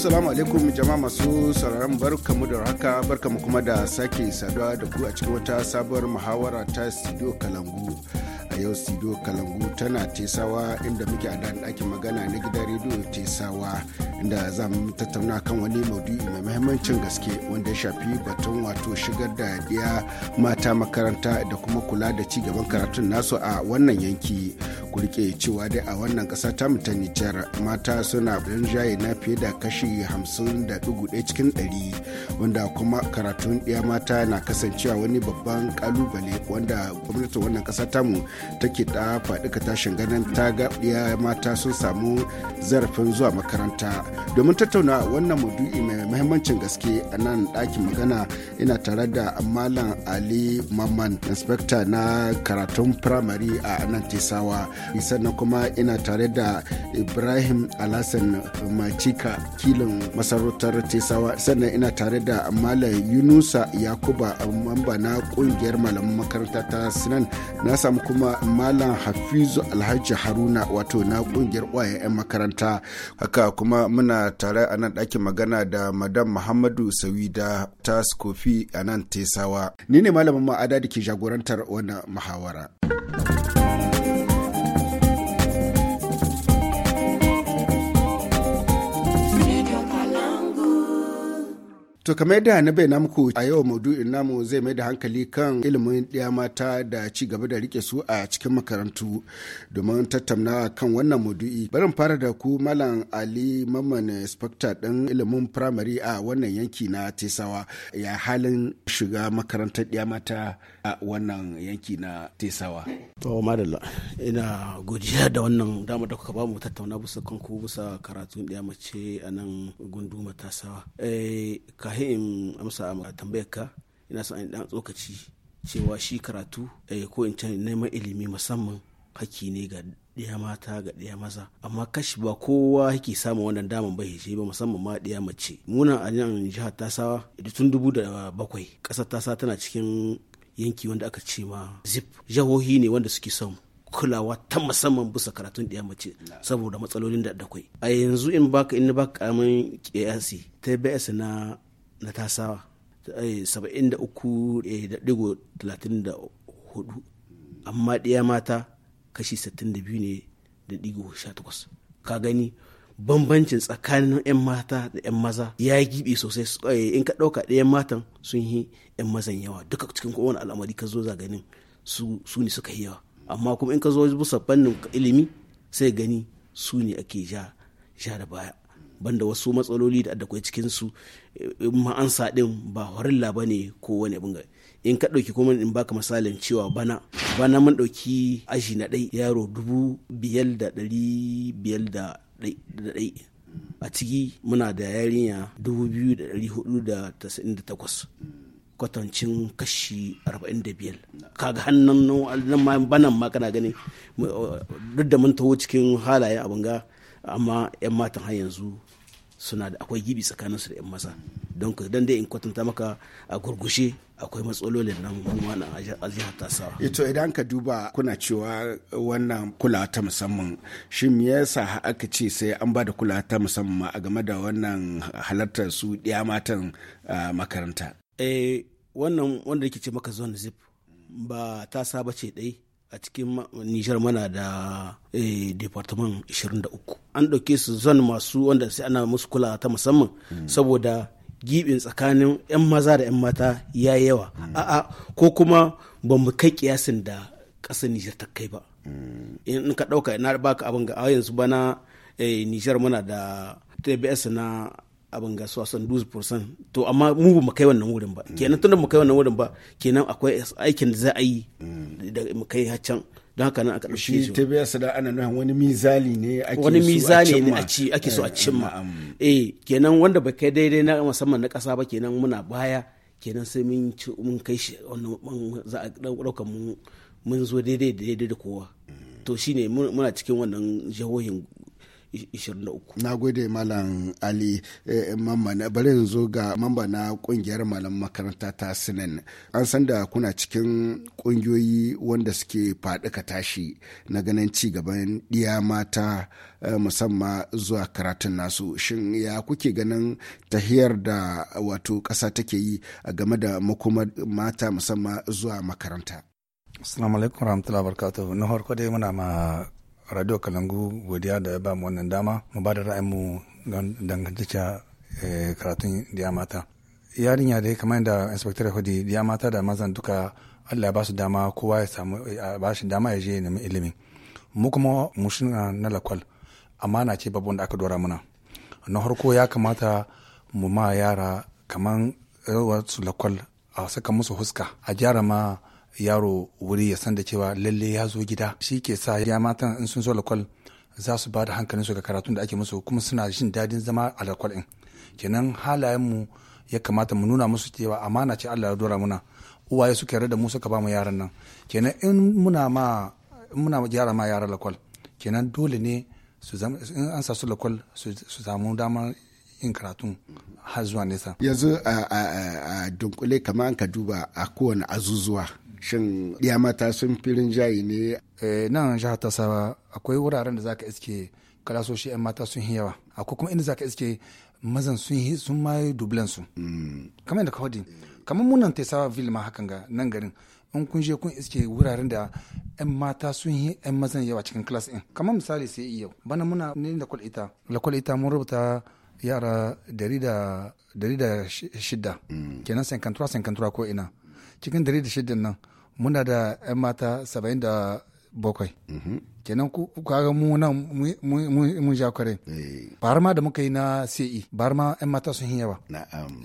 Assalamu alaikum jama'a masu sauraron barka mu da haka barka mu kuma da sake saduwa da ku a cikin wata sabuwar muhawara ta studio Kalangu. yau studio kalangu tana tesawa inda muke a dan ɗakin magana na gidan rediyo tesawa inda za mu tattauna kan wani maudu'i mai mahimmancin gaske wanda ya shafi batun wato shigar da biya mata makaranta da kuma kula da ci gaban karatun nasu a wannan yanki ku rike cewa dai a wannan ƙasa ta ta nijar mata suna jaye na fiye da kashi hamsin da dugu cikin ɗari wanda kuma karatun ɗaya mata na kasancewa wani babban ƙalubale wanda gwamnatin wannan ƙasa tamu ta da faɗi tashin ganin ta gaɓiya mata sun samu zarafin zuwa makaranta domin tattauna wannan maudu'i mai mahimmancin gaske a nan ɗakin magana ina tare da malam ali mamman inspekta na karatun firamare a nan tesawa sannan kuma ina tare da ibrahim alhassan macika kilin masarautar tesawa sannan ina tare da malam yunusa yakuba mamba na ƙungiyar malaman makaranta ta sinan na samu kuma malam hafizu alhaji haruna wato na kungiyar ƙwayen 'yan makaranta haka kuma muna tare a nan ɗakin magana da madam muhammadu sawida ta skofi a nan tesawa ni ne malamin ma'ada da ke jagorantar wannan muhawara. To kamar yadda na bayyana muku a yau maudu'in namu zai mai da hankali kan ilimin ɗaya mata da ci gaba da rike su a cikin makarantu domin tattauna kan wannan maudu'i. Barin fara da ku Malam Ali Mamman Inspector ɗin ilimin firamare a wannan yanki na Tesawa ya halin shiga makarantar ɗaya mata a wannan yanki na Tesawa. To madalla ina godiya da wannan dama da kuka bamu tattauna bisa kanku bisa karatun ɗaya mace a nan gunduma Tesawa. Eh, kahin in amsa a tambayar ka ina son ɗan dan tsokaci cewa shi karatu eh, ko in can neman ilimi musamman haki ne ga ɗaya mata ga ɗaya maza amma kashi ba kowa yake samun wannan daman bai shi ba musamman ma ɗaya mace muna a nan jihar tasawa tun dubu da bakwai ƙasar tasawa tana cikin yanki wanda aka ce ma zip jahohi ne wanda suke son kulawa ta musamman bisa karatun ɗaya mace saboda matsalolin da dakwai a yanzu in baka in baka karamin kiyasi ta bs na na tasawa eh, saba'in da uku eh, da digo talatin da hudu amma ɗaya mata kashi sittin da biyu ne da digo sha takwas ka gani bambancin tsakanin 'yan mata da 'yan maza ya yi gibe sosai eh, in ka ɗauka ɗayan matan sun yi 'yan mazan yawa duka cikin kowane al'amari ka zo zaganin su ne suka yi yawa amma kuma in ka zo bisa fannin ilimi sai gani su ne ake ja da baya banda wasu matsaloli da akwai cikin su ma'ansa din ba horilla ba ne ko wani abin in ka ɗauki kuma in baka misalin cewa bana bana mun ɗauki aji na ɗai yaro dubu biyar da ɗari biyar da ɗai a ciki muna da yarinya dubu biyu da ɗari hudu da tasa'in da takwas kwatancin kashi arba'in da biyar kaga hannun nan banan ma kana gani duk da mun taho cikin halayen abin ga amma 'yan matan har yanzu suna da akwai gibi tsakaninsu da 'yan masa don ka dan dai in kwatanta maka a gurgushe akwai matsalolin nan kuma na aljihar tasawa. ito eh, idan ka duba kuna cewa wannan kulawa ta musamman shi me yasa aka ce sai an ba da kulawa ta musamman a game da wannan halartar su ɗiya matan makaranta. eh wannan wanda yake ce maka zone zip ba ta saba ce ɗai a cikin Nijar mana da eh, departement 23 an ɗauke su zan masu wanda sai ana musu kula ta musamman saboda gibin tsakanin 'yan maza da 'yan mata ya yawa a'a ko kuma ba mu kai kiyasin da ƙasar Nijar ta kai ba in ka ɗauka na baka abin ga yanzu bana eh, Nijar muna da TBS na abin ga dusu fursan to amma mu ba kai wannan wurin ba kenan tunda mu kai wannan wurin ba kenan akwai aikin da za a yi da mu kai haccan don haka nan ta biya su da ana nuna wani mizali ne ake wani mizali ne a ci ake so a eh, cimma eh kenan wanda ba kai daidai na musamman na kasa ba kenan muna baya kenan sai mun mun kai shi wannan za a dauka mun mun zo daidai da daidai da kowa to shine muna cikin wannan jihohin 23 na gode malam ali mamman bari yanzu ga mamba na kungiyar malam makaranta ta sinan an san da kuna cikin kungiyoyi wanda suke faɗi tashi na ganin ci gaban ɗiya mata musamman zuwa karatun nasu shin ya kuke ganin tahiyar da wato ƙasa take yi a game da makoma mata musamman zuwa makaranta assalamu alaikum warahmatullahi wabarakatuh na farko dai muna ma radio kalangu godiya da ya ba mu wannan dama mu ba da ra'ayinmu dangantacce eh, karatun ya mata yarinya dai kamar yadda inspector hudi ya mata da mazan duka allah ya ba su dama kowa ya samu ba shi dama ya je nemi ilimi mu kuma mu na lakwal amma na ce babban da aka dora mana na harko ya kamata mu ma yara kamar eh, su lakwal a saka musu huska a gyara ma yaro wuri ya san da cewa lalle ya zo gida shi ke sa ya matan in sun zo lakwal za su ba da su ga karatun da ake musu kuma suna jin dadin zama a lakwal din kenan halayenmu ya kamata mu nuna musu cewa amana ce Allah ya dora muna uwaye suka yarda da mu suka ba mu yaran nan kenan in muna ma muna gyara ma yara lakwal kenan dole ne su in an sa su lakwal su samu damar yin karatun har zuwa nesa yanzu a dunkule kamar ka duba a kowane azuzuwa shin ɗiya mata sun firin jayi ne eh, nan jihar tasawa akwai wuraren da zaka iske kalasoshi 'yan mata sun yi yawa akwai kuma inda zaka iske mazan sun yi sun ma yi dublan su mm. kamar da kawadi kamar munan tasawa ville ma hakan ga nan garin in kun je kun iske wuraren da 'yan mata sun yi 'yan mazan yawa cikin class in kamar misali sai yau bana muna ne da kulita ita lakwal ita mun rubuta yara dari da shida mm. kenan 53 ko ina cikin dari da shidda nan muna da 'yan mata 77 mhm. kenan ku ga mu nan mun ja kware eh. bar ma da muka yi na ce bar ma 'yan mata sun yawa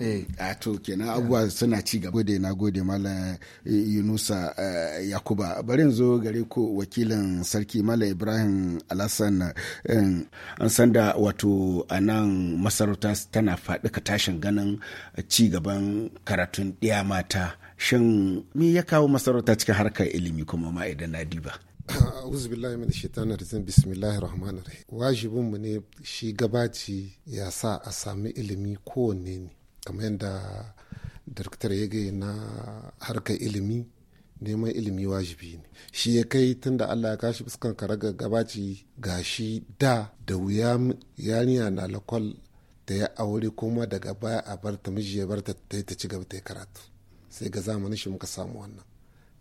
eh. a to kenan abubuwa suna ci gaba gode na gode mala yunusa eh, yakuba bari zo gare ku wakilin sarki mala ibrahim alasan an sanda wato a nan masarauta tana faɗi ka tashin ganin ci gaban karatun ɗiya mata shin me ya kawo masarauta cikin harkar ilimi kuma ma idan na diba a'udhu billahi min rajim bismillahir rahmanir rahim wajibin mu ne shi gabaci ya sa a sami ilimi ko ne kamar yadda darkitar ya gaya na harkar ilimi neman ilimi wajibi ne shi ya kai tunda Allah ya kashi fuskan karaga gabaci gashi da da wuya yarinya na lakwal da ya aure kuma daga baya a bar ta miji ya bar ta ta ci gaba ta karatu sai ga zamanin shi muka samu wannan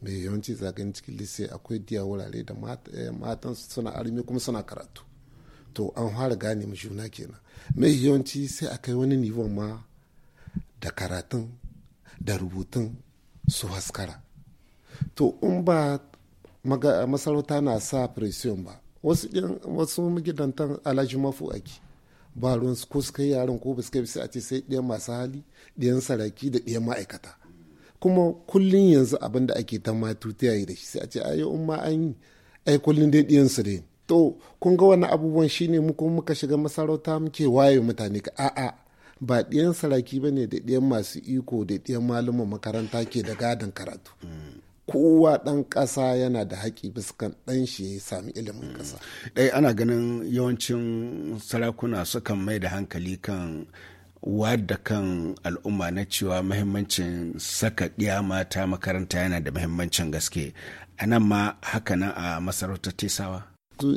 mai yawanci zagayen cikin lise akwai diya wurare da eh, matan suna armi kuma suna karatu to an fara gane mu juna kenan mai yawanci sai a kai wani nivon ma da karatun da rubutun su haskara to in ba masarauta na sa presiyon ba wasu wasu magidantan alhaji mafu ake ba ruwan ko su kai yaran ko ba su kai sai a ce sai ɗiyan masu hali ɗiyan saraki da ɗiyan ma'aikata kuma kullun yanzu abin da ake ta yayi da shi sai a ce ayi in ma an yi ai kullun dai su ne to kun ga wani abubuwan shine mu kuma muka shiga masarauta muke waye mutane ka a'a ba ɗiyan saraki bane ne da ɗiyan masu iko da ɗiyan malaman makaranta ke da gadon karatu kowa ɗan ƙasa yana da haƙi biskan ɗan shi ya sami ilimin kasa. ɗaya eh, ana ganin yawancin sarakuna sukan mai da hankali kan da kan al'umma na cewa mahimmancin saka ɗiya mata makaranta yana da mahimmancin gaske a nan ma hakanan a masarautar tesawa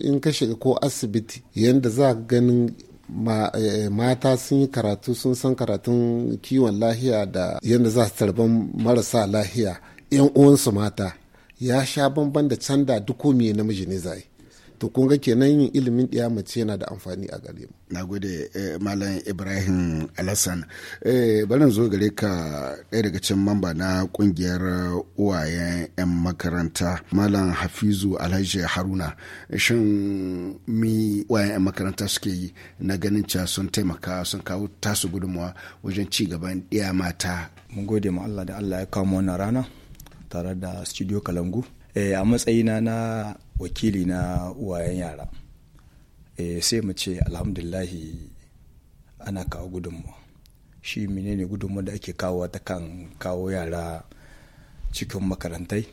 in ka shiga ko asibiti yadda za ganin eh, mata sun yi karatu sun san karatun kiwon lahiya da yadda za su tarban marasa lahiya yan uwansu mata ya sha bamban da canda duk ne namiji ne zai to kun ga kenan yin ilimin ɗaya mace yana da amfani a gare mu na gode eh, malam ibrahim alassan eh, barin zo gare ka ɗaya daga cikin mamba na ƙungiyar uwayen 'yan makaranta malam hafizu alhaji haruna shin mi uwayen 'yan makaranta suke yi na ganin cewa sun taimaka sun kawo tasu gudunmawa wajen ci gaban ɗaya mata mun gode ma allah da allah ya kawo wannan rana tare da studio kalangu eh, a matsayina na wakili na uwayen yara e, sai mu ce alhamdulahi ana kawo gudunmu shi menene gudunmu da ake kawo ta kan kawo yara cikin makarantai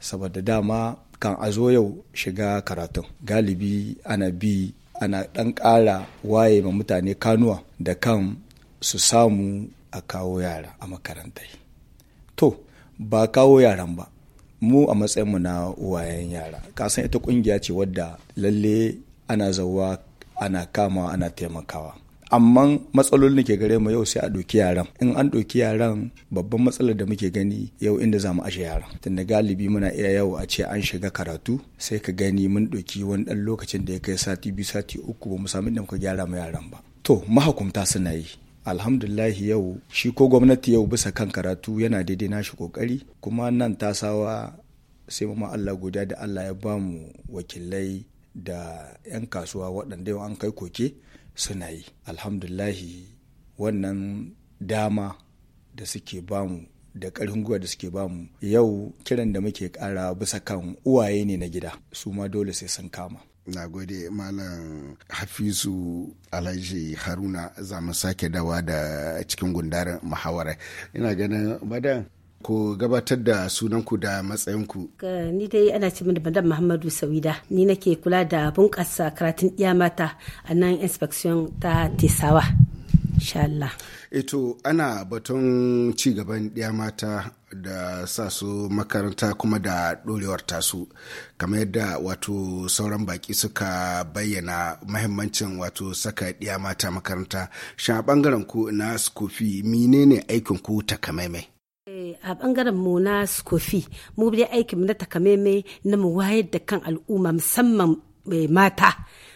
saboda dama kan a zo yau shiga karatun galibi ana bi ana ɗan kara waye ma mutane kanuwa da kan su samu a kawo yara a makarantai to ba kawo yaran ba mu a matsayin mu na uwayen yara kasan ita kungiya ce wadda lalle ana zawa ana kama ana taimakawa amma matsalolin da ke gare mu yau sai a ɗauki yaran in an ɗauki yaran babban matsalar da muke gani yau inda za mu ashe yaran da galibi muna iya yau a ce an shiga karatu sai ka gani mun ɗauki wani ɗan lokacin da ya kai sati biyu sati uku ba mu sami da muka gyara mu yaran ba to mahakumta suna yi alhamdulahi yau shi ko gwamnati yau bisa kan karatu yana daidai nashi kokari kuma nan tasawa sai mu Allah godiya da Allah ya ba mu wakilai da 'yan kasuwa waɗanda yau an kai koke suna yi alhamdulahi wannan dama da suke bamu da ƙarfin gwiwa da suke bamu yau kiran da muke ƙara bisa kan uwaye ne na gida su ma dole sai sun kama na gode malam hafizu alhaji haruna za mu sake dawa da cikin gundarin muhawara ina ganin madan ko gabatar da sunanku da matsayinku. Ni dai ana ce mini madan Muhammadu Sawida, ni nake kula da bunƙasa karatun iya mata a nan inspection ta Tesawa. Insha Allah. Eto ana baton cigaban gaban ɗiya mata da sa su makaranta kuma da ɗorewar tasu kamar yadda wato sauran baki suka bayyana mahimmancin wato saka ɗiya mata makaranta shan a ɓangaren ku na skofi menene aikin ku takamaimai eh, a bangaren mu na skofi mu dai aikin na takamaimai na mu wayar da kan al'umma musamman eh, mata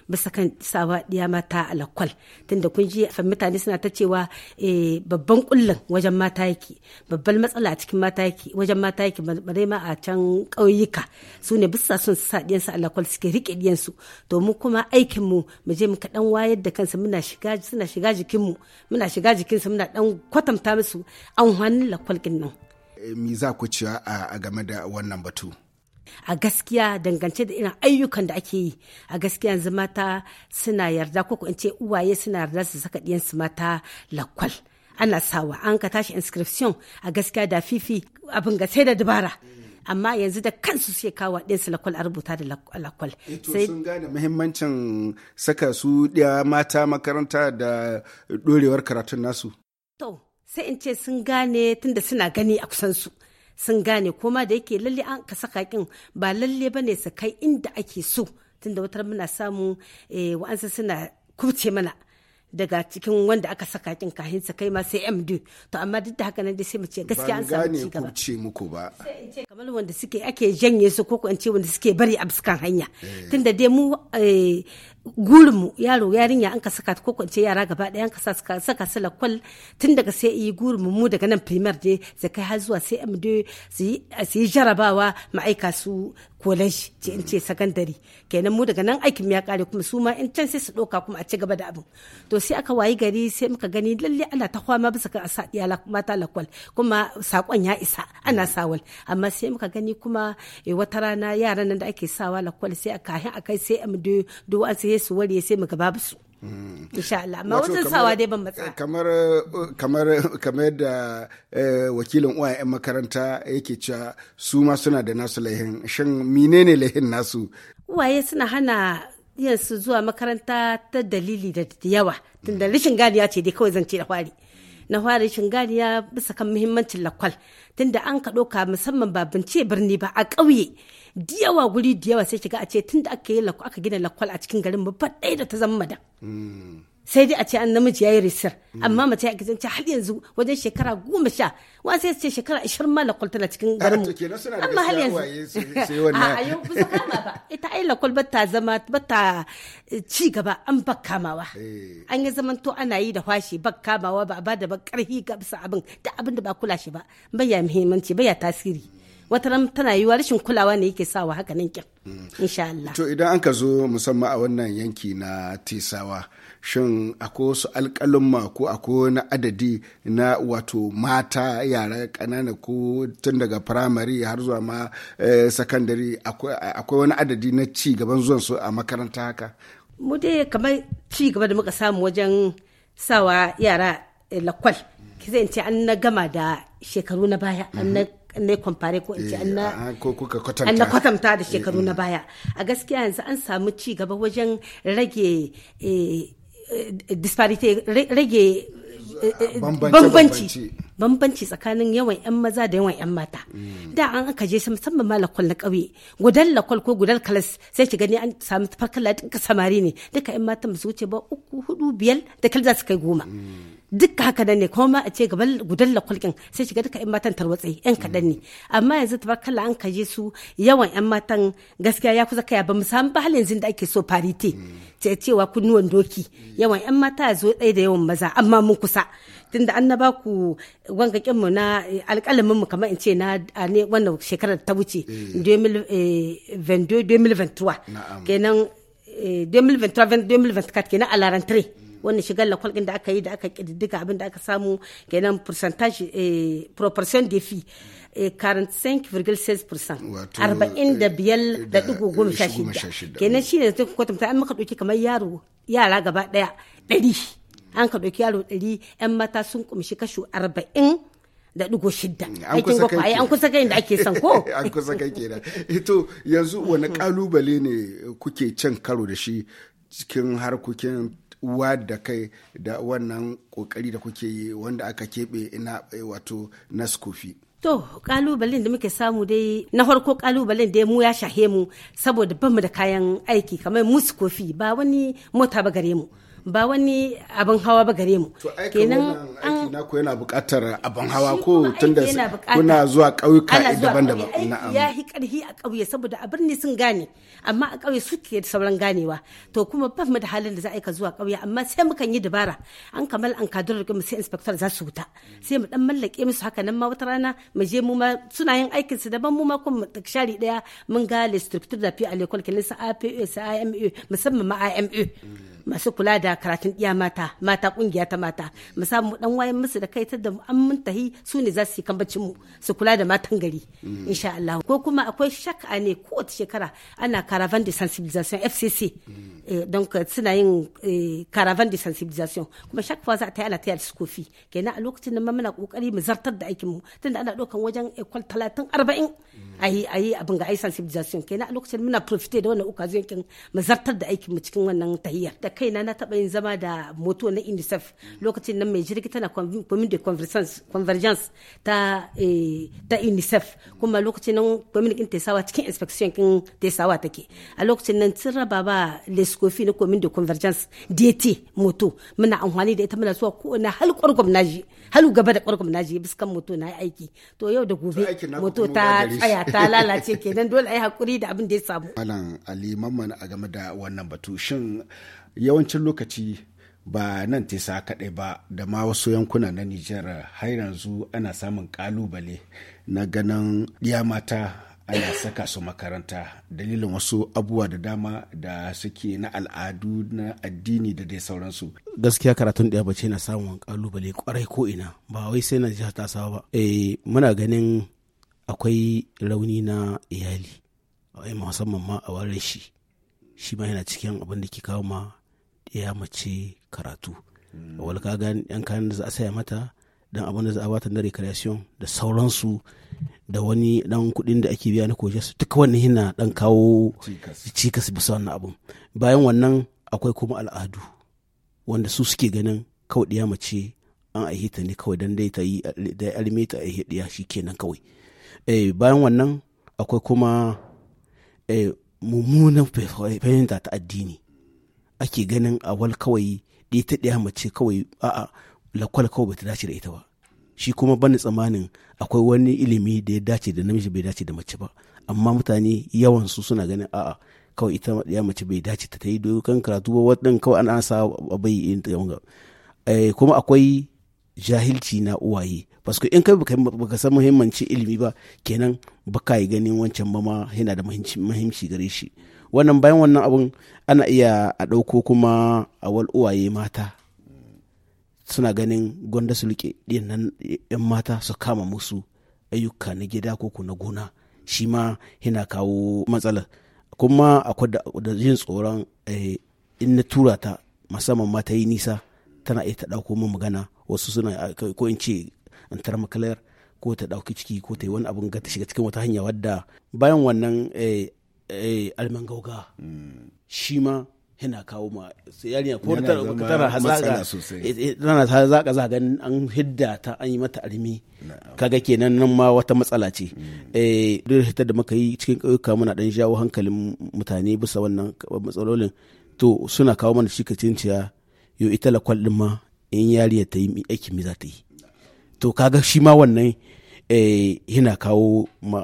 bisa kan sawa ɗiya mata lakwal tunda kun ji mutane suna ta cewa eh, babban kullum wajen mata yake babban matsala a cikin mata yake wajen mata yake bare ma a can ƙauyuka su ne bisa son su sa ɗiyansu alakwal suke riƙe ɗiyansu to mu kuma aikin mu mu je mu kaɗan wayar da kansu muna shiga suna shiga jikin mu muna shiga jikinsu muna ɗan kwatanta musu an hannun lakwal nan. Eh, me za ku cewa a game da wannan batu? a gaskiya dangance da irin ayyukan da ake yi a gaskiya yanzu mata suna yarda ko in ce uwaye suna yarda su saka ɗiyansu mata lakwal ana sawa an ka tashi inscription a gaskiya da fifi abin ga sai da dabara amma yanzu da kansu suke kawo ɗinsu lakwal a rubuta da lakwal. Eh sai sun gane muhimmancin saka su ɗiya mata makaranta da ɗorewar karatun nasu. To sai in ce sun gane tunda suna gani a kusansu sun gane koma da yake lalle an ka saka kin ba lalle bane su kai inda ake so tunda watar muna samu eh, wa'ansa suna kubce mana daga cikin wanda aka saka kin kahin sa kai ma sai MD to amma duk da haka nan dai sai mu ce gaskiya an samu ci gaba ce muku ba kamar wanda suke ake janye su ko in ce wanda suke bari a fuskan hanya eh. tunda dai mu eh, gurinmu yaro yarinya an ka saka ko kwance yara gaba ɗaya an ka saka su lakwal tun daga sai yi gurinmu mu daga nan primar je sai kai har zuwa sai mu je su yi jarabawa ma'aika su kolej ce in ce sakandare kenan mu daga nan aikin ya kare kuma su ma in can sai su ɗauka kuma a ci gaba da abin to sai aka wayi gari sai muka gani lalle ana ta kwama bisa kan asa iyala mata lakwal kuma sakon ya isa ana sawal amma sai muka gani kuma eh, wata rana yaran nan da ake sawa lakwal sai a kahin a kai sai mu do an sai su ware sai mu babu su insha Allah ma wajen sawa dai ban matsa kamar kamar kamar da eh, wakilin uwa yan makaranta yake cewa su ma suna da nasu laihin shin menene laihin nasu uwaye suna hana yin su zuwa makaranta ta dalili da yawa tunda rashin ganiya ce dai kawai zan da fari na fara shinganiya bisa kan muhimmancin lakwal tunda an ka ɗauka musamman ba bince birni ba a ƙauye yawa guri yawa sai kiga a ce da aka yi lakwal aka gina lakwal a cikin garin babba ɗaya da ta zama madan sai dai a ce an namiji ya yi risar amma mace ya kasance har yanzu wajen shekara goma sha wa sai ce shekara ashirin ma lakwal tana cikin ah, garin mu amma har yanzu a yau ba kama ba ita ai lakwal ba ta zama ba ta eh, ci gaba an ba kamawa eh. an yi zaman to ana yi da fashi ba kamawa ba ba da ba karhi ga abin da abin da ba kula shi ba bai ya muhimmanci bai ya tasiri wata ran tana yiwa rashin kulawa ne yake sawa haka nan kyan insha Allah to idan an ka zo musamman a wannan yanki na tisawa shin akwai wasu alƙalumma ko akwai na adadi na wato mata yara ƙanana ko tun daga firamare har zuwa ma eh, sakandare akwai wani adadi na ci gaban zuwan su a makaranta haka mu dai kamar ci gaba da muka samu wajen sawa yara eh, lakwal zai ce an na gama da shekaru na baya an na na kwamfare ko eh, ah, ah, an na kwatanta da shekaru mm, na mm. baya a gaskiya yanzu an samu ci gaba wajen rage eh, disparity rage eh, bambanci bambanci tsakanin yawan 'yan maza da yawan 'yan mata mm. da an aka je musamman ma na ƙauye gudan lakwal ko gudan kalas sai ki gani an samu farkala duka samari ne duka 'yan mata su wuce ba uku hudu biyar da kalda su kai goma duka haka nan ne kuma a ce gaban gudalla kulkin sai shiga duka yan matan tarwatse yan kaɗan ne amma yanzu kala an kaje su yawan yan matan gaskiya ya kusa kaya ba mu samu ba halin zin da ake so farite ce cewa kunnuwan doki yawan yan mata ya zo tsaye da yawan maza amma mun kusa tunda an na ba ku wangakin mu na eh, alƙalamin mu kamar in ce na ne wannan shekarar ta wuce 2022 eh. eh, kenan 2023 2024 kenan a la wannan shigar lakwal din da aka yi da aka kididdiga abin da aka samu kenan percentage eh, proportion de fi 45,6% eh, 45.16 kenan shi ne zai kwatanta an maka ɗauki kamar yaro yara gaba ɗaya ɗari an ka ɗauki yaro ɗari 'yan mata sun kumshi kasho arba'in da digo shidda ai an kusa kai da ake san ko an kusa kai kenan ito eh, yanzu wani kalubale ne kuke cin karo da shi cikin harkokin uwa da kai da wannan kokari da kuke yi wanda aka keɓe ina eh, wato na skofi To, kalubalen da muke samu dai na farko kalubalen da mu ya shahe mu saboda bamu da kayan aiki kamar musu kofi ba wani mota ba gare mu. ba wani abin hawa ba gare mu kenan an na ku yana buƙatar abin hawa ko tunda kuna zuwa ƙauyuka daban-daban na'am ya hi karhi a ƙauye saboda a birni sun gane amma a ƙauye suke da sauran ganewa to kuma ba mu da halin da za a ka zuwa ƙauye amma sai kan yi dabara an kamal an kadura mu sai inspector za su wuta sai mu dan mallake musu haka nan ma wata rana mu je mu ma suna yin aikin su daban mu ma kuma shari daya mun ga le structure da fi a l'école kenan sa APE sa IMA e, musamman ma IMA masu kula da karatun iya mata mata ƙungiya ta mata mu samu dan waye musu da kai ta da an mun tahi su ne za su yi kambacin mu su kula da matan gari mm. insha Allah ko kuma akwai shakka ne wata shekara ana caravan de sensibilisation FCC mm. eh, donc suna yin eh, caravan de sensibilisation kuma shakka fois za ta yi ana tayar su kofi kenan a lokacin nan muna kokari mu zartar da aikin mu tunda ana ɗaukan wajen ekol talatin arba'in mm. ayi ayi abin ga ayi sensibilisation kenan a lokacin muna profite da wannan occasion kin mu zartar da aikin mu cikin wannan tahiyar kaina na taɓa yin zama da moto na unicef lokacin nan mai jirgi tana kwamin da convergence ta eh, ta unicef kuma lokacin nan kwamin ɗin sawa cikin inspection ɗin tesawa take a lokacin nan tun raba ba leskofi na kwamin da convergence dt moto muna amfani da ita muna zuwa ko na hal kwarkwam naji halu gaba da kwarkwam naji biskan moto na aiki to yau da gobe moto ta tsaya ta lalace kenan dole yi hakuri da abin da ya samu malam ali mamman a game da wannan batu shin yawancin lokaci ba nan tesa kaɗai ba da ma wasu yankuna na Nijar har yanzu ana samun ƙalubale na ganin ɗiya mata ana saka su makaranta dalilin wasu abubuwa da dama da suke na al'adu na addini da dai sauransu gaskiya karatun ɗaya bace na samun kalubale kwarai ko ina ba wai sai na jihar tasawa ba eh muna ganin akwai rauni na iyali a eh, musamman ma a warin shi shi ma yana cikin abin da ke kawo ma ya mace karatu wani ka ga yan kayan da za a saya mata don abin da za a bata na recreation da sauransu da wani dan kuɗin da ake biya na koje su duka wannan yana dan kawo cikas bisa wannan abun bayan wannan akwai kuma al'adu wanda su suke ganin kawai ɗiya mace an aihe ta ne kawai dan dai ta yi da alme ta aihe shi kenan kawai eh, bayan wannan akwai kuma eh mummunan fahimta ta addini ake ganin a wal kawai ɗaya ta ɗaya mace kawai a'a lakwal kawai bata dace da ita ba shi kuma bani tsammanin akwai wani ilimi da ya dace da namiji bai dace da mace ba amma mutane yawan su suna ganin a'a kawai ita ɗaya mace bai dace ta yi dokan karatu ba waɗin kawai ana sa bai yin eh, kuma akwai jahilci na uwaye paske in kai baka san muhimmanci ilimi ba kenan baka yi ganin wancan ba ma yana da muhimmanci gare shi wannan bayan wannan abun ana iya a ɗauko kuma a wal uwaye mata suna ganin gwanda su rike nan yan mata su kama musu ayyuka na gida ko na gona shi ma yana kawo matsala kuma akwai da jin tsoron eh, in na tura ta musamman ma yi nisa tana iya ta ɗauko min magana wasu suna ko in ce an tara makalar ko ta ɗauki ciki ko ta yi wani abun ga ta shiga cikin wata hanya wadda bayan wannan eh, Eh, almangauga shi ma yana kawo ma yarinya ko tara hazaƙa eh, eh, tana hazaƙa za ganin an hidda ta an yi mata almi kaga kenan nan ma wata matsala ce mm. eh duk da muka yi cikin ƙauyuka muna dan jawo hankalin mutane bisa wannan matsalolin to suna kawo mana shi ciya yo ita lakwal din ma in yariya ta yi aiki me za ta yi to kaga shi ma wannan yana kawo ma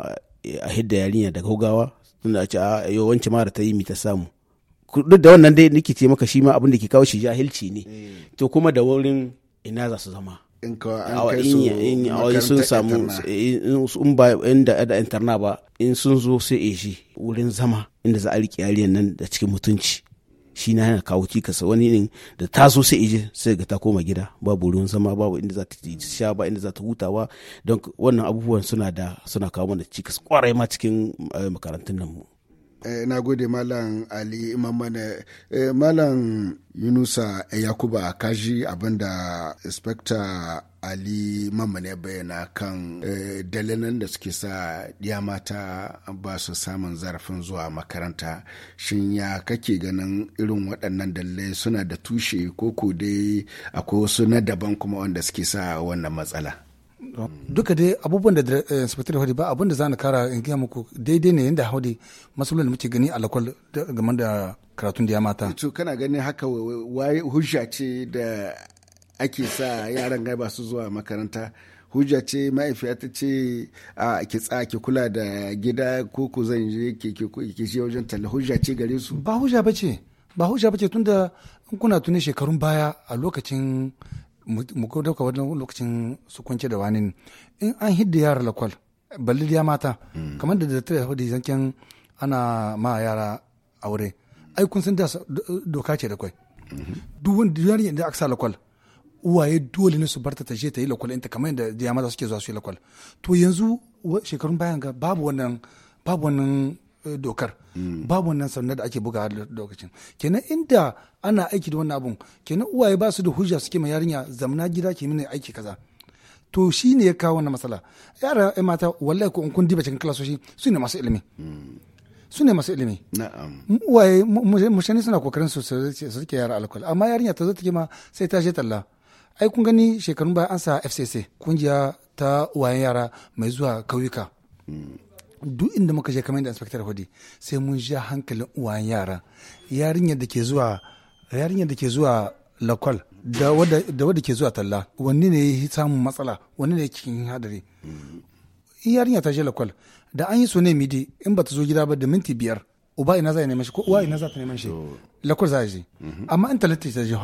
a hidda yarinya da gaugawa a ce a eh, yau wance mara ta yi ta samu duk da wannan dai nake ce maka shi ma abin da ke kawo shi jahilci ne mm. to kuma da wurin ina za su zama in sun samu eh, in ba inda da interna ba in sun zo sai e wurin zama inda za a riƙe yariyan nan da cikin mutunci shi na yana kawo cikas wani ne da so sai ije sai ga ta koma gida babu ruwan zama babu inda za ta sha ba inda za ta hutawa don wannan abubuwan suna da suna kawo mana cikas kwarai ma cikin eh, makarantun nan mu Eh, na gode malam ali mamane eh, malam yunusa yakuba kaji abinda inspector ali mamane ya bayyana kan eh, dalilan da suke sa ya mata ba su samun zarafin zuwa makaranta shin ya kake ganin irin waɗannan dalilai suna da tushe ko ko dai akwai wasu na daban kuma wanda suke sa wannan matsala Mm. duka dai abubuwan da eh, inspector hodi ba abun da za na kara in gaya muku daidai ne yadda hodi masulun da muke gani a lakwal game da karatun da ya mata to kana gani haka waye hujja ce da ake sa yaran gai ba su zuwa makaranta hujja ce ma'aifiya ta ce a tsa ki kula da gida ko ku zan je ke je wajen talla hujja ce gare su ba hujja bace ba hujja bace tunda in kuna tuni shekarun baya a lokacin mu ko dauka wani lokacin su kwance da wani in an hidda yara lakwal balli ya mata mm. kamar da da ta da zancen ana ma yara aure ai kun san da doka ce da kai mm-hmm. duk wanda yarinya da aka sa lakwal uwaye dole ne su barta ta je ta yi lakwal inta kamar yadda ya mata suke zuwa su yi lakwal to yanzu shekarun bayan ga babu wannan babu wannan Eh, dokar mm. babu wannan sannan da ake buga lokacin kenan inda ana aiki da wannan abun kenan uwaye ba su da hujja suke ma yarinya zamna gida ke mini aiki kaza to shi ne ya kawo wannan matsala yara ya mata wallahi ko in kun diba cikin klasoshi su ne masu ilimi mm. su ne masu ilimi uwaye mushani suna kokarin su suke yara alkohol amma yarinya ta zo ta ma sai ta je talla ai kun gani shekarun baya an sa FCC kungiya ta uwayen yara mai zuwa kauyuka mm. duk inda muka je kamar yadda inspector hudi sai mun ja hankalin uwayen yara yarinyar da ke zuwa yarinyar da ke zuwa lakwal da wadda ke zuwa talla wanne ne ya samun matsala wanne ne cikin hadari yarinya ta je lakwal da an yi so ne midi in ba ta zo gida ba da minti biyar uba ina za ya neman shi ko uwa ina za ta neman shi lakwal za a je mhm. amma in talatta ta je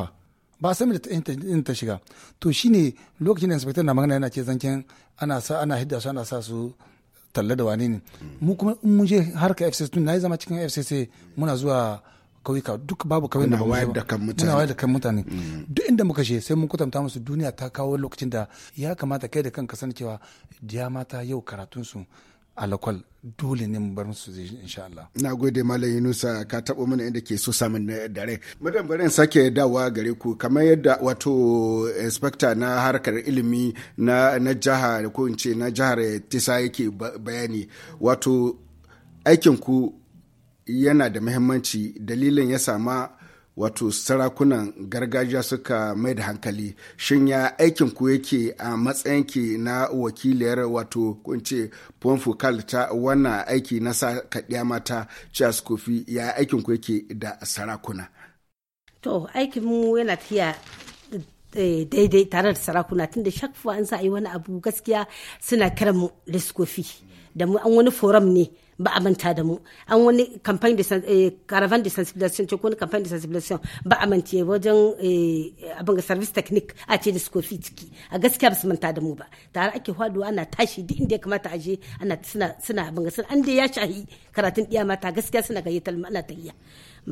ba sami da in ta shiga to shine lokacin da inspector na magana yana ce zancen ana sa ana hidda su ana sa su talla da wane ne mu kuma in mun je harka fcc tun na yi zama cikin fcc muna zuwa kauyuka duk babu kauyen da ba wayar da kan mutane wayar da kan mutane duk inda muka je sai mun kwatanta musu duniya ta kawo lokacin da ya kamata kai da kanka sani cewa diya mata yau karatun su alakwal dole ne mu bar musu zai insha Allah. Na gode Malam Yunusa ka taɓo mana inda ke so samun na dare. Madam bari sake dawa gare ku kamar yadda wato inspector na harkar ilimi na na jaha ko in ce na jihar Tisa yake bayani wato aikin ku yana da muhimmanci dalilin ya sama wato sarakunan gargajiya suka mai da hankali shin ya aikin ku yake a matsayin ki na wakiliyar wato kunce pomfu ta wannan aiki na sa kaɗiya mata charles kofi ya aikin ku yake da sarakuna to aikin mu yana tafiya Eh, daidai tare da sarakuna tun da shakfuwa an sa'ai wani abu gaskiya suna kira mu liskofi da mu an wani forum ne ba a manta da mu an wani campaign de eh, caravan de sensibilisation ce wani campaign de sensibilisation ba a manta wajen eh, abin ga service technique a ce da skofi ciki a gaskiya ba su manta da mu ba tare ake hwado ana tashi duk inda ya kamata a je ana suna suna abin ga an da ya shahi karatun diya mata gaskiya suna gayyatar ana tayya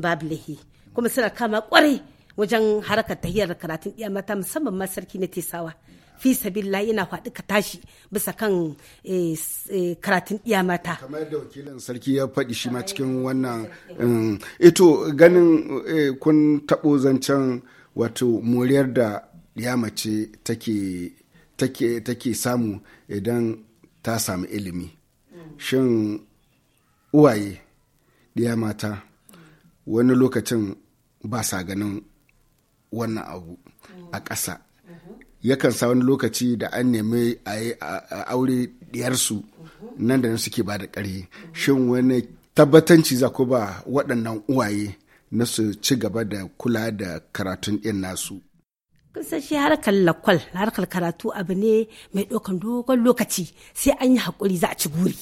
babu lahi kuma suna kama kwarai wajen harkar tahiyar karatun iya mata musamman ma sarki na tesawa fi sabilla yana faɗi ka tashi bisa kan eh, eh, karatun iya mata kamar da wakilin sarki ya faɗi shi ma cikin wannan ito eh, ganin kun taɓo zancen wato moriyar da ya mace take samu idan ta samu ilimi shin uwaye ɗiya mata wani lokacin ba sa ganin wannan abu a ƙasa yakan sa wani lokaci da an nemi a yi aure diyarsu nan da nan suke ba da ƙarfi shin wani tabbatanci za ku ba waɗannan uwaye na su ci gaba da kula da karatun ɗin nasu kusan shi harkar lakwal harkar karatu abu ne mai ɗaukan dogon lokaci sai an yi haƙuri za a ci guri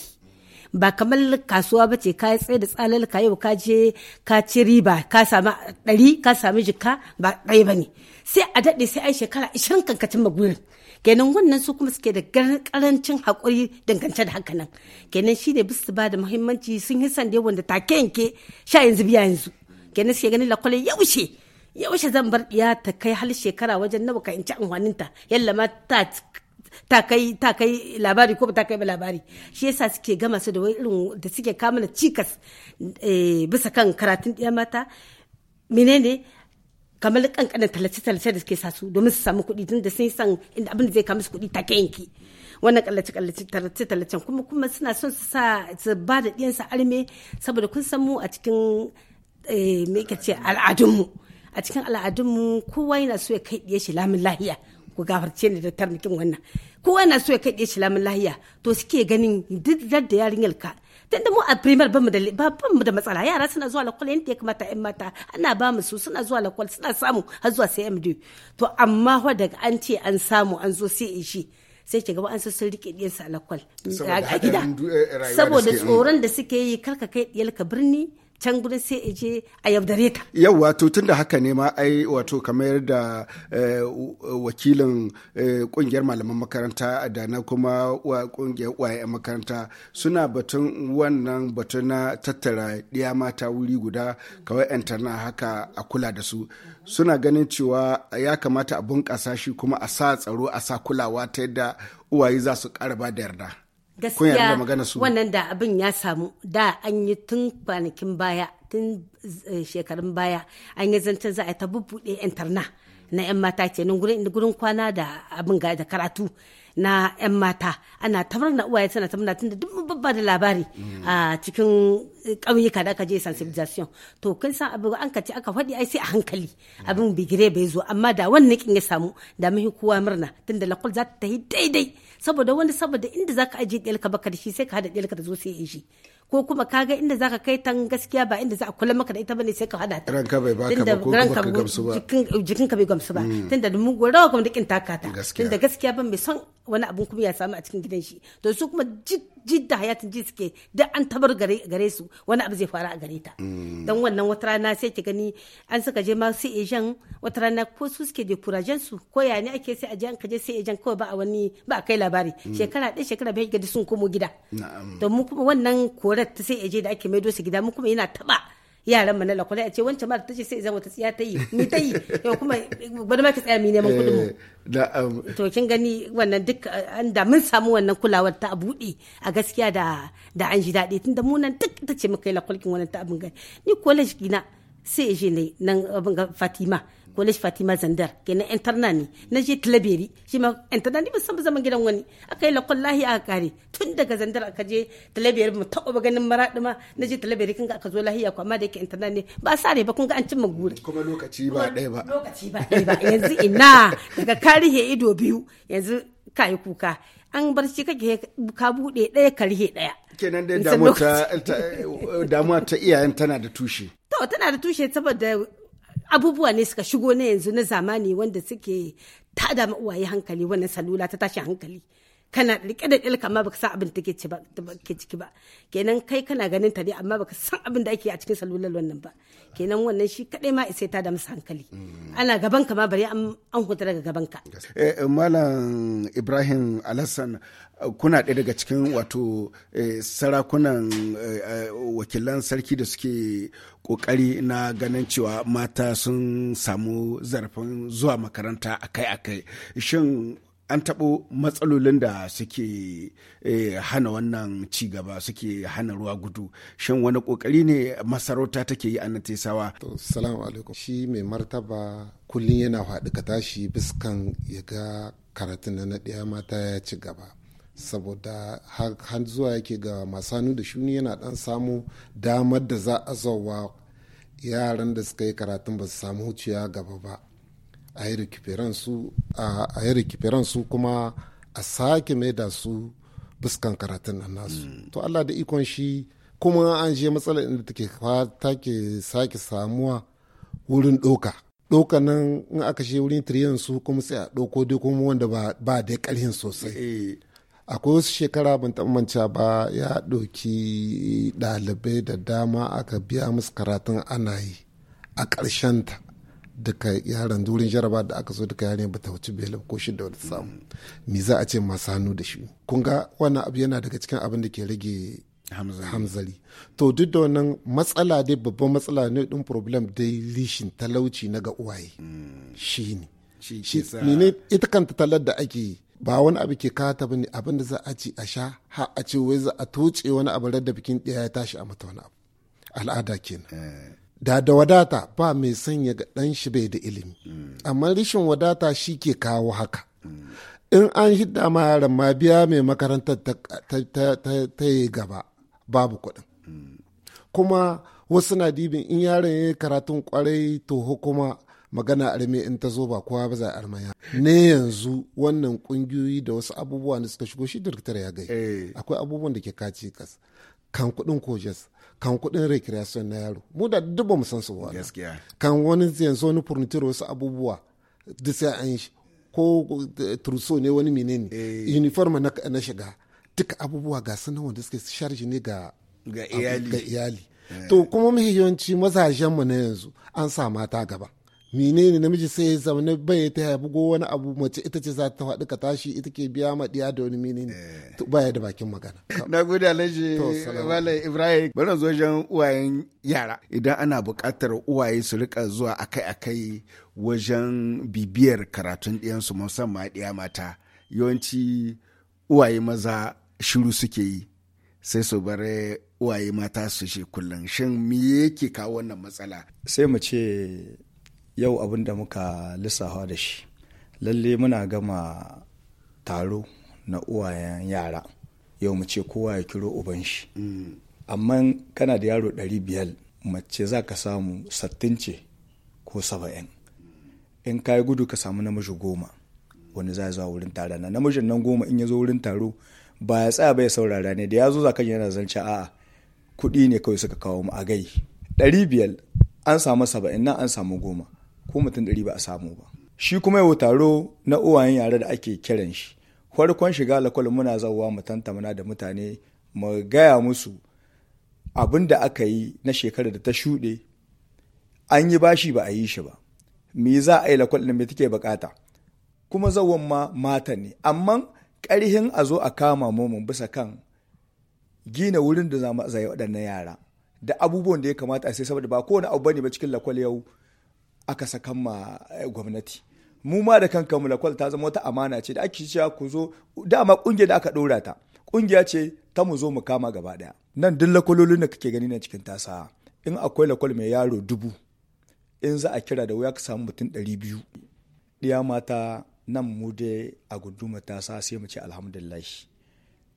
ba kamar kasuwa ba ce ka tsaye da tsalal ka yau ka je ka ci riba ka samu ɗari ka samu jika ba ɗaya ba ne sai a daɗe sai ai shekara ishirin kankacin magurin kenan wannan su kuma suke da karancin haƙuri dangance da haka nan kenan ne bisu ba da muhimmanci sun yi sande wanda take yanke sha yanzu biya yanzu kenan suke ganin lakwale yaushe yaushe zan bar ɗiya ta kai hal shekara wajen nawa ka in ci ta yalla ma ta ta kai ta kai labari ko ba ta kai ba labari shi yasa suke gama su da irin da suke kamala cikas eh, bisa kan karatun ɗiya mata menene kamar kankanin talace-talace da suke sasu domin su samu kuɗi tun da sun san inda abin da zai kama su kuɗi ta yanki wannan kallace-kallace talace-talacen kuma kuma suna son su sa su ba da sa arme saboda kun san mu a cikin eh, me ce al'adunmu a cikin al'adunmu kowa yana so ya kai ɗiyan shi lamun lahiya ku gafarce ni da tarnikin wannan ko yana so ya kai shi lamun lahiya to suke ganin duk da yarinyar ka tunda mu a primar bamu da bamu da matsala yara suna zuwa lakwal yanda ya kamata ƴan mata ana ba mu su suna zuwa lakwal suna samu har zuwa md to amma fa daga an ce an samu an zo sai shi e sai ki gaba an san sun rike diyansa a lakwal a gida eh, saboda tsoron da suke yi karka kai diyalka birni can gudun sai a je a yaudare ta. Yau wato tun da haka ne ma ai wato kamar da eh, wakilin kungiyar eh, malaman makaranta da na kuma kungiyar waye makaranta suna batun wannan batun na tattara ɗiya mata wuri guda kawai yan tana haka a kula da su. Suna ganin cewa ya kamata a bunƙasa shi kuma a sa tsaro a sa kulawa ta yadda uwaye za su ƙara ba da yarda. gaskiya wannan da abin ya samu da an yi tun kwanakin baya tun eh, shekarun baya an yi zancen za a ta bubbuɗe intarna na 'yan mata kenan gurin kwana da abin ga da karatu na 'yan mata ana tamar na uwaye suna ta tun da duk babba da labari mm. a cikin eh, ƙauyuka da aka je sensibilisation to kun san abin an kace aka faɗi ai sai a hankali mm. abin bigire bai zo amma da wannan kin ya samu da muhi kowa murna tunda lakul za ta yi daidai saboda wani saboda inda zaka aje ɗiyarka baka da shi sai ka haɗa ɗiyarka da zo sai ya shi ko kuma ka ga inda zaka kai tan gaskiya ba inda za a kula maka da ita bane sai ka hada ta ranka bai baka ba ko ranka ka gamsu ba jikin ka bai gamsu ba hmm. tunda mu mugun rawa kuma dakin taka ta tunda gaskiya ban bai son wani abun kuma ya samu a cikin gidan shi to su kuma jidda hayatin ji suke da an tabar gare su wani abu zai fara a gare ta hmm. dan wannan wata rana sai ki gani an suka je ma sai ejan wata rana ko su suke da kurajen su ko ya ne ake sai a je an kaje sai ejan kawai ba a wani ba a kai labari hmm. shekara ɗaya shekara bai ga sun komo gida to mu kuma wannan ko korar ta sai aje da ake maido su gida mu kuma yana taba yaran mu na lakwala ya ce wancan mara ta ce sai zan wata tsiya ta yi ni ta yi yau kuma gwada ma ka tsaya mi neman kudin mu eh, um, to kin gani wannan duk eh, an da mun samu wannan kulawar ta buɗe a gaskiya da da an ji daɗi tunda mu nan duk ta ce muka yi lakwalkin wannan ta abin gani ni college gina sai ya ne nan abin ga Fatima college fatima zandar kenan interna ne na je tilaberi shi ma interna ne musamman zaman gidan wani aka yi lakon lahi aka kare tun daga zandar aka je tilaberi mu taɓa ganin maraɗi ma na je tilaberi kun ga aka zo lahiya ko amma da yake interna ne ba sare ba kun ga an cimma guri kuma lokaci ba ɗaya ba lokaci ba ɗaya ba yanzu ina daga karihe ido biyu yanzu kayi kuka an barci kake ka buɗe ɗaya karihe ɗaya kenan dai damuwa ta iyayen tana da tushe to tana da tushe saboda abubuwa ne suka shigo na yanzu na zamani wanda suke tada uwaye hankali wannan salula ta tashi hankali kana rike da ilka amma baka san abin da take ba ciki ba kenan kai kana ganin ta ne amma baka san abin da ake a cikin salular wannan ba kenan wannan shi kadai ma isai ta da musu hankali mm. ana gaban ka ma bari an huta daga gaban ka eh, eh, malam Ibrahim Alassan eh, kuna ɗaya daga cikin wato sarakunan wakilan sarki da suke kokari na ganin cewa mata sun samu zarafin zuwa makaranta akai-akai shin an taɓo matsalolin da suke eh, hana wannan ci gaba suke hana ruwa gudu shan wani ƙoƙari ne masarauta take yi a tesawa to salamu alaikum shi mai martaba kullum yana faɗi ka tashi biskan ya ga karatun na ɗaya mata ya ci gaba saboda har zuwa yake ga masu da shuni yana ɗan samu damar da za a zowa yaran da suka yi karatun ba su samu wuciya gaba ba a yi rikifiran su kuma a sake mai da su fuskan karatun nan nasu hmm. to Allah da ikon shi kuma an je matsalar inda take ke sake samuwa wurin doka. doka nan in aka shi wurin tiriyan su kuma sai a doko dai kuma wanda ba da karhin sosai eh. akwai wasu shekara ban manca ba ya ɗauki ɗalibai da dama aka biya musu karatun ana yi a ta. duka yaran durin jaraba da aka zo duka yaran ba wuce belin ko shi da samu me za a ce masu hannu da shi kun ga wannan abu yana daga cikin abin da ke rage hamzari to duk da wannan matsala dai babban matsala ne din problem dai rishin talauci na ga uwaye hmm. shi ne Shi ne ita kanta talar da ake ba wani abu ke kata bane abin da za a ci a sha Ha a ce wai za a toce wani abu da bikin ɗaya ya tashi a mata wani abu al'ada kenan eh. da da wadata ba mai sanya ga ɗan shi bai da ilimi amma rashin wadata shi ke kawo haka in an hidda ma yaran ma biya mai makarantar ta yi gaba babu kuɗin kuma wasu na dibin in yaran ya yi karatun kwarai to hukuma magana arme in ta zo ba kowa ba za a armaya ne yanzu wannan kungiyoyi da wasu abubuwa da suka shigo shi ya gai eh. akwai abubuwan da ke kaci kas kan kudin kojas kan kuɗin recreation na yaro mu da duk ba mu san su ba kan wani yanzu wani furnitura wasu abubuwa duk sai an shi ko eh, trousseau ne wani menene eh. uniform na shiga duka abubuwa ga su wanda suke sharji ne ga iyali eh. to kuma mahiyanci mu na yanzu an sa mata gaba menene namiji sai ya zama bai ta ya bugo wani abu mace ita ce za ta faɗi ka tashi ita ke biya ma diya da wani menene eh. baya da bakin magana na gode alhaji malam ibrahim bari zo wajen uwayen yara idan ana buƙatar uwaye su rika zuwa akai-akai wajen bibiyar karatun su musamman ɗiya mata yawanci uwaye maza shiru suke yi sai su bare uwaye mata su shi kullum shin me yake kawo wannan matsala sai mu ce yau abin da muka lissafa da shi lalle muna gama taro na uwayen yara yau mu ce kowa ya kiro uban shi mm. amma kana da yaro 500 mace za ka samu sattince ko saba'in in ka yi gudu ka samu namiji goma wani za zuwa wurin taro na namijin nan goma in ya zo wurin taro ba ya tsaya bai saurara ne da ya zo za yana zance a kuɗi ne kawai suka kawo mu a gai ɗari biyar an samu saba'in nan an samu goma ko mutum ɗari ba a samu ba shi kuma yau taro na uwayen yare da ake kiran shi farkon shiga lakwal muna zauwa mu tantamana da mutane mu gaya musu abin da aka yi na shekarar da ta shuɗe an yi bashi ba a yi shi ba me za a yi lakwal ɗin me take bukata kuma zauwan ma mata ne amma ƙarhin a zo a kama momin bisa kan gina wurin da za mu waɗannan yara da abubuwan da ya kamata a sai saboda ba kowane abu bane ba cikin lakwal yau aka sakan ma eh, gwamnati mu ma da kanka mu lakwal ta zama wata amana ce da ake cewa ku zo dama kungiyar da aka dora ta kungiya ce ta mu zo mu kama gaba daya nan duk lakwalolin da kake gani na cikin tasa in akwai lakwal mai yaro dubu in za a kira da wuya ka samu mutum ɗari biyu ɗiya mata nan mu dai a gunduma tasa sai mu ce alhamdulillah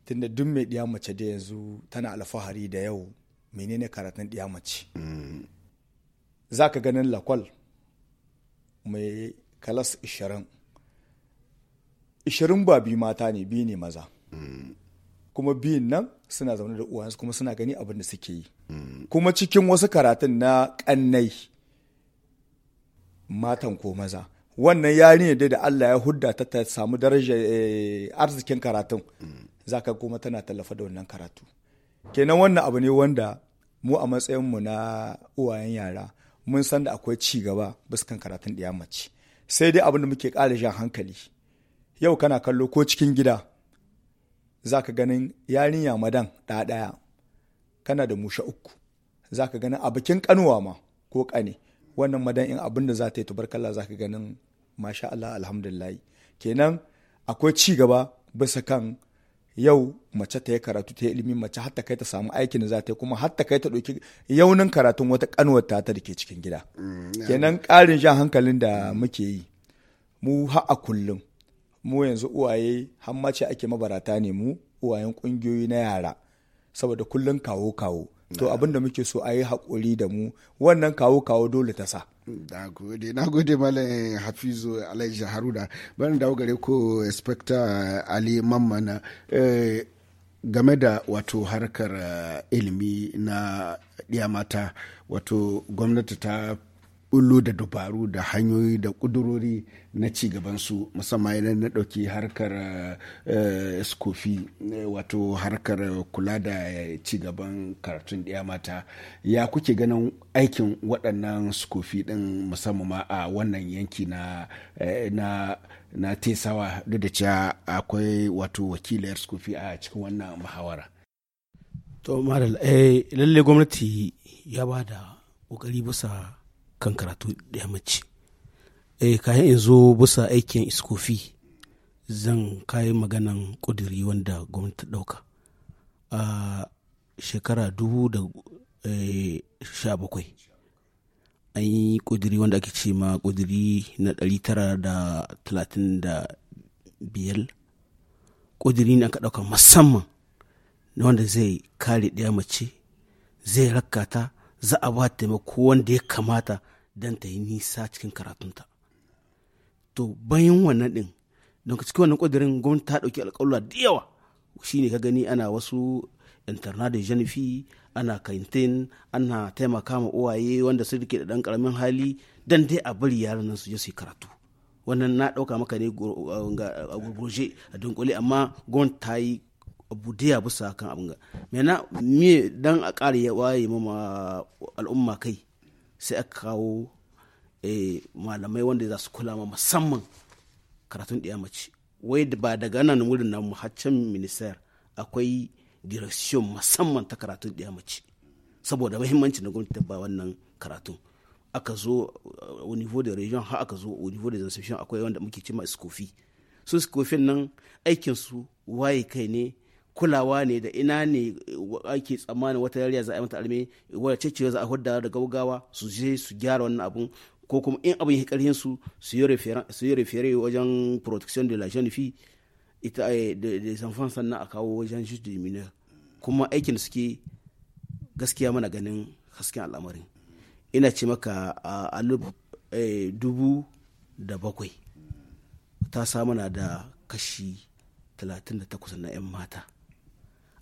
tunda duk mai ɗiya mace da yanzu tana alfahari da yau menene karatun ɗiya mace mm. za ka ganin lakwal mai kalas 20 ishirin ba biyu mata ne biyu ne maza kuma biyun nan suna zaune da uwansu kuma suna gani abin da suke yi kuma cikin wasu karatun na kannai matan ko maza wannan yarinya dai da Allah ya hudda ta ta samu daraja eh, arzikin karatun za ka kuma tana tallafa da wannan karatu kenan wannan abu ne wanda mu a matsayinmu na uwayen yara mun san da akwai ci gaba biskan karatun ɗiya mace sai dai abin da muke ƙara jan hankali yau kana kallo ko cikin gida za ka ganin yarinya madan ɗaya kana da musha uku za ka ganin a bikin kanuwa ma ko ƙane wannan madan in abin da za ta yi kalla za ka ganin masha Allah alhamdulillah kenan akwai ci gaba bisa kan yau mace ta yi karatu ta yi ilimi mace hatta kai ta samu aikin da za ta yi kuma hatta kai ta ɗauki yaunin karatun wata kanuwar ta ta da ke cikin gida mm, kenan ƙarin jan hankalin da muke yi mu ha'a kullum mu yanzu uwaye hammace ake mabarata ne mu uwayen ƙungiyoyi na yara saboda kullum kawo kawo to abin da muke so a yi haƙuri da mu wannan kawo kawo dole ta sa da gode na gode malam hafizu alhaji haruna bari dawo gare ko inspector ali mammana eh, game da wato harkar eh, ilimi na ɗiya mata wato gwamnati ta bullo da dubaru da hanyoyi da kudurori na cigabansu musamman idan na ɗauki harkar eh, skofi eh, wato harkar kula da cigaban karatun ɗaya mata ya kuke ganin aikin waɗannan skofi ɗin musamman ma a wannan yanki eh, na na tesawa duk da cewa akwai wato wakilayar skofi a cikin wannan muhawara to madal gwamnati ya ba da ƙoƙari bisa kan karatu da mace eh kayan in zo bisa aikin iskofi zan kayi maganan kudiri wanda gwamnati ɗauka a shekara dubu da eh, sha bakwai an yi kudiri wanda ake ce ma kudiri na dari tara da talatin da biyar ƙudiri ne aka ɗauka musamman na wanda zai kare ɗaya mace zai rakata za a ba taimako wanda ya kamata don ta yi nisa cikin karatunta to bayan wannan din don cikin wannan ƙudurin gwamnati ta ɗauki alƙawla da yawa ne ka gani ana wasu interna da janifi ana kaintin ana taimaka ma uwaye wanda su rike da ɗan karamin hali dan dai a bari yaran nan su je su karatu wannan na ɗauka maka ne a gurguje a dunkule amma gwamnati ta yi abu da ya bisa kan abin ga mena me dan a ƙara ya waye mama al'umma kai sai aka kawo eh, malamai wanda za su kula ma musamman karatun mace wai ba daga nan wurin namu haccan minister akwai direction musamman ta karatun mace saboda mahimmanci da gwamnati ba wannan karatun aka zo uh, au niveau de region har aka zo au niveau de institution akwai wanda muke cima iskofi su iskofin nan aikinsu waye kai ne kulawa ne da ina ne ake tsammanin wata yarya za a yi mata alme wadda ce za a hudda da gaugawa su je su gyara wannan abun ko kuma in abin hikarhin su su yi refere wajen protection de la jeune fille ita eh, da sanfan sannan a kawo wajen juge de mineur kuma aikin da suke gaskiya mana ganin hasken al'amarin ina ce maka a eh, dubu da bakwai ta samuna da kashi 38 na 'yan mata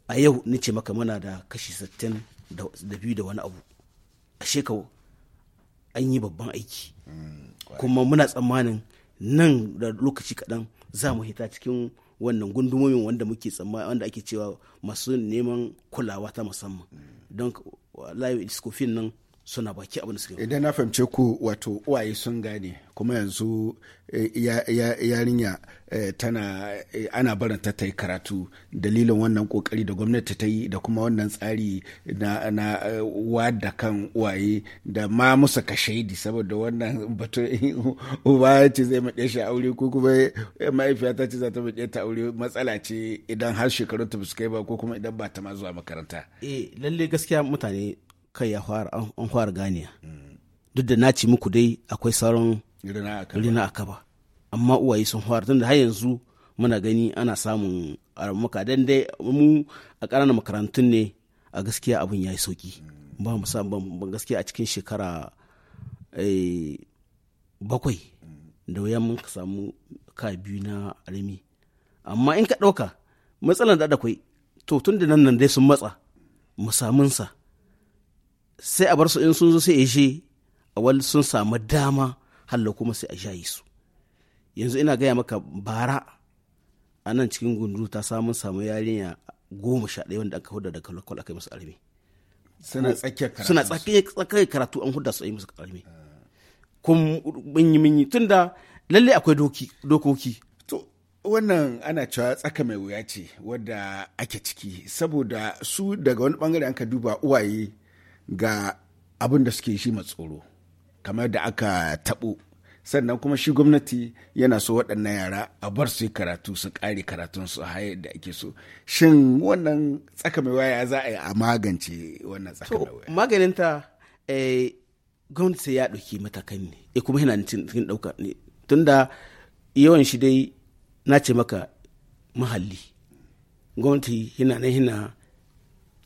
a yau ni ce maka muna da kashi sittin da biyu da wani abu a shekau an yi babban aiki mm, kuma muna tsammanin nan da lokaci kaɗan za mu hita cikin wannan gundumomin wanda muke tsammanin wanda ake cewa masu neman kulawa ta musamman mm. don layo iskofin nan suna baki abin suke idan na fahimce ku wato uwaye sun gane kuma yanzu eh, yarinya eh, tana eh, ana barin ta ta yi karatu dalilin wannan kokari da gwamnati ta yi da kuma wannan tsari na, na wada kan uwaye da ma musa ka shaidi saboda wannan batu uba ce zai maɗe shi aure ko kuma mahaifiya ta ce za ta maɗe ta aure matsala ce idan har shekaru ta ba ko kuma idan ba ta ma zuwa makaranta eh lalle gaskiya mutane kai ya fara an fara ganiya duk da na ci muku dai akwai sauran rina a kaba amma uwaye sun fara tun da har yanzu muna gani ana samun maka dan dai mu a ƙananan makarantun ne a gaskiya abin ya yi sauki ba mu ban gaskiya a cikin shekara eh, bakwai da wuya mun ka samu ka biyu na alimi. amma in ka ɗauka matsalar da akwai to tun da nan nan dai sun matsa mu samun sai a bar su in sun zo sai ishe je a wani sun samu dama hallo kuma sai a shayi su yanzu ina gaya maka bara a nan cikin gundu ta samun samu yarinya goma sha ɗaya wanda aka huda daga lokal aka yi musu armi suna tsakiyar karatu suna tsakiyar karatu an huda su a yi musu armi kun minyi minyi da lalle akwai dokoki to wannan ana cewa tsaka mai wuya ce wadda ake ciki saboda su daga wani bangare an ka duba uwaye ga abin da suke shi tsoro kamar da aka taɓo sannan kuma shi gwamnati yana so waɗannan yara a bar su yi karatu su ƙare karatun su haye da ake so shin wannan tsaka mai waya za a yi a magance wannan tsaka mai waya maganin ta eh, gwamnati sai ya ɗauki matakan ne e kuma yana cikin ɗauka ne tunda yawan shi dai na ce maka mahalli gwamnati yana nan yana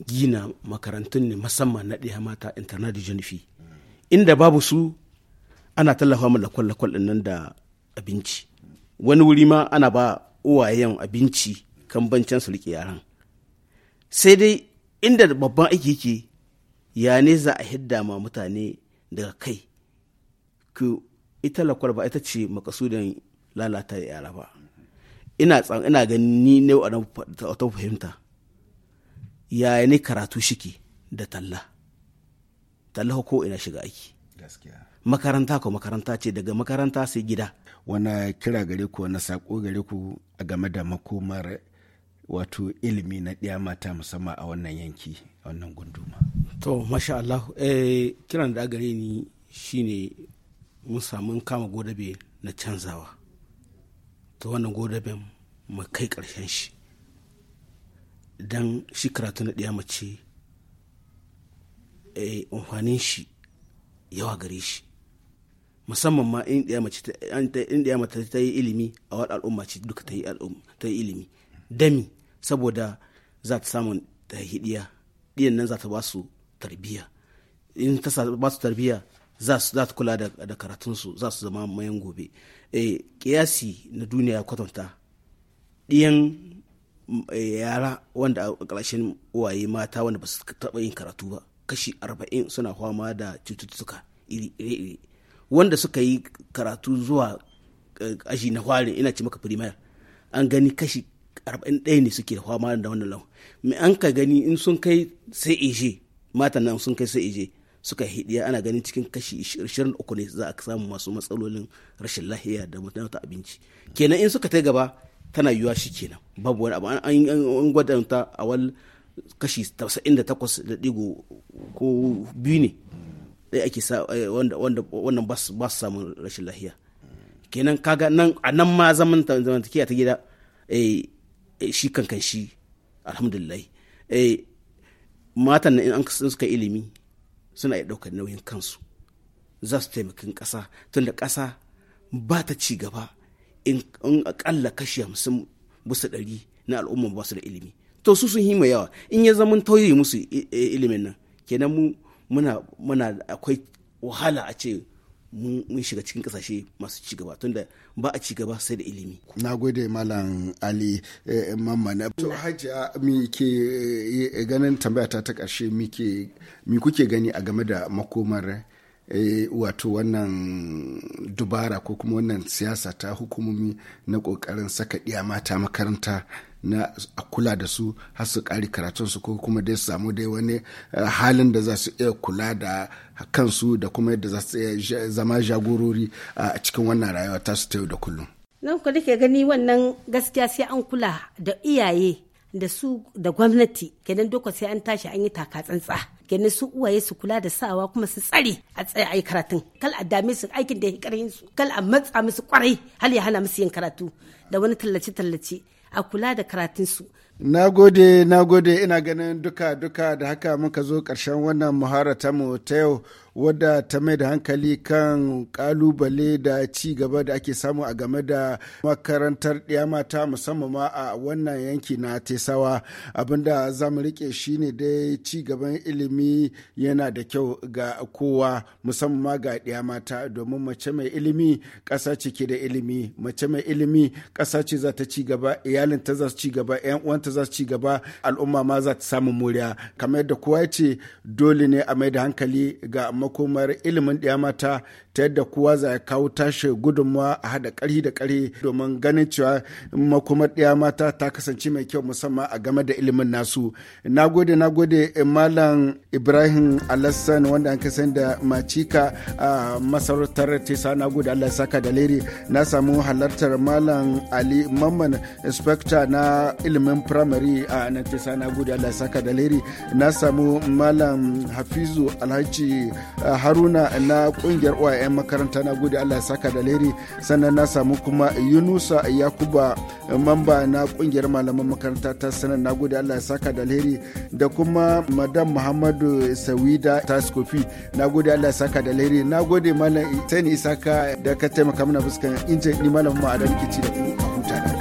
gina makarantun ne musamman na ɗaya mata internet da janifi inda babu su ana tallafa mu lakwal-lakwal ɗin nan da abinci wani wuri ma ana ba uwayen abinci kan kambancin su riƙe yaran sai dai inda babban aiki yake ya ne za a hidda ma mutane daga kai ku ita lakwal ba ita ce makasudin lalata yara ba ina ganin ni ne a ta fahimta yaya ne karatu shiki da talla talla ko ina shiga aiki makaranta ko makaranta ce daga makaranta sai gida wani kira gare ku wani sako gare ku a game da makomar wato ilimi na ɗaya mata musamman a wannan yanki a wannan gunduma to masha Allah eh, kiran da gare ni shine mun samu kama godabe na canzawa to wannan godaben mu kai ƙarshen shi don shi karatu na ɗaya mace eh, amfanin shi yawa gare shi musamman ma in ɗaya mace ta yi ilimi a wani al'umma ce duka ta yi ilimi dami saboda za ta samun ta hidiya ɗiyan nan za ta ba su tarbiya in ta ba su tarbiya za su ta kula da karatunsu za su zama mayan gobe eh, kiyasi na duniya kwatanta ɗiyan Eh, yara wanda a ƙarshen uwaye mata wanda ba su taɓa yin karatu ba kashi arba'in suna fama da cututtuka iri-iri wanda suka yi karatu zuwa eh, aji na hwarin ina ce maka primayar an gani kashi arba'in ɗaya ne suke fama da wannan lau mai an ka gani in sun kai sai eje matan nan sun kai sai eje suka hidiya ana ganin cikin kashi uku ne za a samu masu matsalolin rashin lahiya da mutum abinci kenan in suka ta gaba tana yiwuwa shi kenan babu wani abu an gwadanta a wal kashi 78.2 ko biyu ne ɗaya ake sa eh, wannan ba su samun rashin lahiya kenan kaga nan a nan ma zaman zamantakiya ta gida eh, eh, shi kankan shi alhamdulillah matan na an suka ilimi suna iya ɗaukar nauyin kansu za su taimakin ƙasa tunda ƙasa ba ta ci gaba in akalla kashi hamsin bisa ɗari na al'umma ba su da ilimi to su sun hima yawa in ya zama tauye musu ilimin nan kenan mu muna muna akwai wahala a ce mun shiga cikin kasashe masu cigaba tunda ba a cigaba sai da ilimi. Na gode Malam Ali eh, Mamman. To Hajiya mi ke eh, ganin tambaya ta ta ƙarshe mi kuke gani a game da makomar e, wato wannan dubara ko kuma wannan siyasa ta hukumomi na kokarin saka iya mata makaranta na a kula da su har su ƙari karatunsu ko kuma dai su samu dai wani eh, halin da za su iya kula da kansu da kuma yadda za su iya zama jagorori a cikin wannan rayuwa ta su ta yau da kullum. Nan ku ke gani wannan gaskiya sai an kula da iyaye da su da gwamnati kenan doka sai an tashi an yi taka tsantsa. gani su uwaye su kula da sawa kuma su tsare a tsaye a yi karatun kal a dame su aikin da ya karhin su kal a matsa musu kwarai hal ya hana musu yin karatu da wani tallace tallace a kula da karatun su Na gode, na gode ina ganin duka-duka da haka muka zo ƙarshen wannan muharata mu ta yau wadda ta mai da hankali kan ƙalubale da ci gaba da ake samu a game da makarantar ɗiya mata musamman ma a wannan yanki na tesawa abinda za mu rike shi ne dai ci gaban ilimi yana da kyau ga kowa musamman ma ga ɗiya mata domin mace mai ilimi ƙasa ce ke da ilimi mace mai ilimi ƙasa ce za ta ci gaba iyalinta za su ci gaba 'yan uwanta mata za su ci gaba al'umma ma za ta samu moriya kamar yadda kowa ce dole ne a mai da hankali ga makomar ilimin ɗaya mata ta yadda kowa za ya kawo tashi gudunmawa a haɗa ƙari da ƙari domin ganin cewa makomar ɗaya mata ta kasance mai kyau musamman a game da ilimin nasu na gode na gode eh, malam ibrahim alassan wanda an kasan da macika a masarautar tesa na gode allah saka da leri na samu halartar malam ali mamman inspector na ilimin primary a nan tesa na gode allah saka da leri na samu malam hafizu alhaji eh, haruna na kungiyar oim 'yan makaranta na gode Allah ya saka da leri sannan na samu kuma Yunusa Yakuba mamba na kungiyar malaman makaranta ta sanar na gode Allah ya saka da leri da kuma Madam Muhammadu Sawida ta skofi na gode Allah ya saka da leri na gode Malam Sani Isaka da ka taimaka mana fuskan injin ni Malam ma Kici da ku a huta da